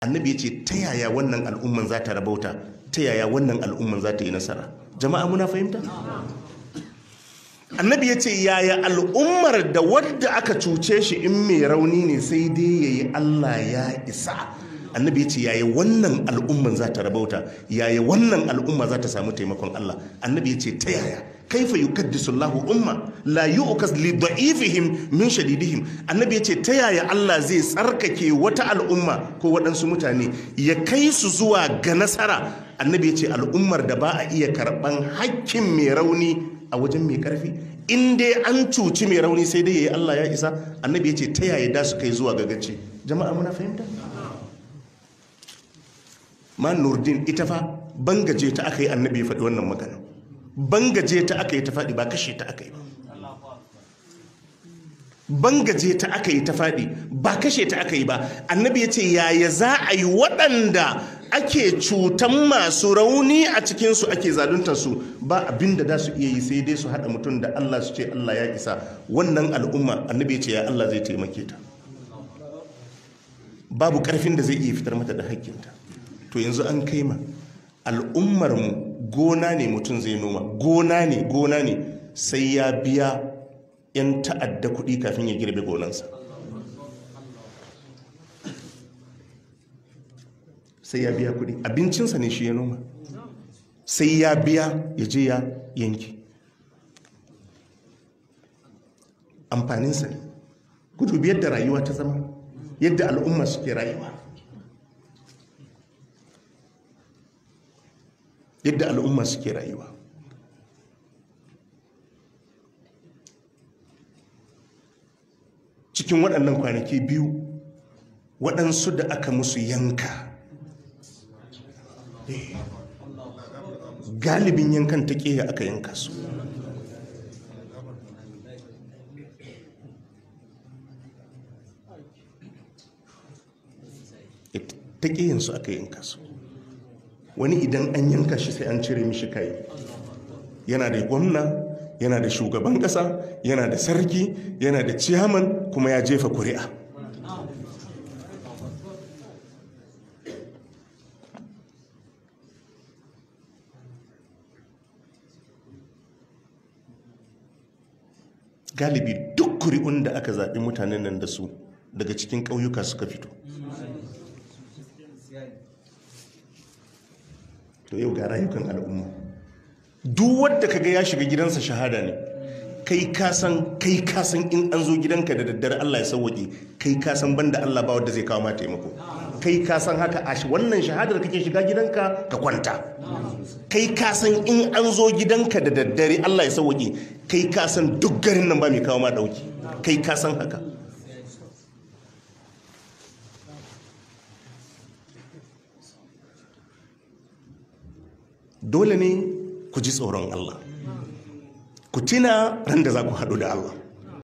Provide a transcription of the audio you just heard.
annabi ya ce ta yaya wannan al'umman za ta rabauta ta yaya wannan al'umman za ta yi nasara jama'a muna fahimta annabi ya ce yaya al'ummar da wadda aka cuce shi in mai rauni ne sai dai ya yi allah ya isa annabi ya ce yaya wannan al'umman za ta rabauta yaya wannan al'umma za ta samu taimakon Allah annabi ya ce ta yaya kaifa yukaddisu Allahu umma la yu'kas li da'ifihim min shadidihim annabi ya ce ta yaya Allah zai tsarkake wata al'umma ko waɗansu mutane ya kai su zuwa ga nasara annabi ya ce al'ummar da ba a iya karɓan hakkin mai rauni a wajen mai karfi in dai an cuci mai rauni sai dai yayi Allah ya isa annabi ya ce ta yaya da su kai zuwa ga gagaci jama'a muna fahimta ma nurdin ita fa bangaje ta aka yi annabi faɗi wannan magana bangaje ta aka yi ta faɗi ba kashe ta aka yi ba bangaje ta aka yi ta faɗi ba kashe ta aka yi ba annabi ya ce yaya za a yi waɗanda ake cutan masu rauni a cikinsu ake zaluntarsu ba abin da za su iya yi sai dai su haɗa mutum da allah su ce allah ya isa wannan al'umma annabi ya ce ya allah zai taimake ta babu ƙarfin da zai iya fitar mata da hakkinta to yanzu an kai ma al'ummar mu gona ne mutum zai noma gona ne gona ne sai ya biya 'yan ta'adda kuɗi kafin ya girbe gonansa sai ya biya kuɗi abincinsa ne shi ya noma sai ya biya ya je ya yanki amfaninsa ne gudu biyar da rayuwa ta zama yadda al'umma suke rayuwa yadda al'umma suke rayuwa cikin waɗannan kwanaki biyu waɗansu da aka musu yanka galibin yankan ta ƙeya aka yanka su ta aka yanka su wani idan an yanka shi sai an cire mishi kai yana da gwamna yana da shugaban kasa yana da sarki yana da ciyaman kuma ya jefa kuri'a galibi duk kuri'un da aka zaɓi mutanen nan da su daga cikin ƙauyuka suka fito to yau ga rayukan al'umma duk wanda ga ya shiga gidansa shahada ne kai kasan kai kasan in an zo gidanka da daddare Allah ya sauwaƙe kai kasan banda Allah ba wanda zai kawo mataimako taimako kai kasan haka a wannan shahadar kake shiga gidanka ka kwanta kai kasan in an zo gidanka da daddare Allah ya sauwaƙe kai kasan duk garin nan ba mai kawo ma dauki kai kasan haka dole ne ku ji tsoron Allah ku tina ran da za ku haɗu da Allah